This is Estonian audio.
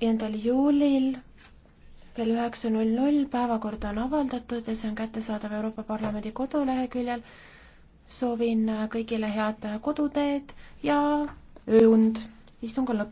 viiendal juulil kell üheksa null null päevakord on avaldatud ja see on kättesaadav Euroopa Parlamendi koduleheküljel. soovin kõigile head koduteed ja ööund. istung on lõppenud.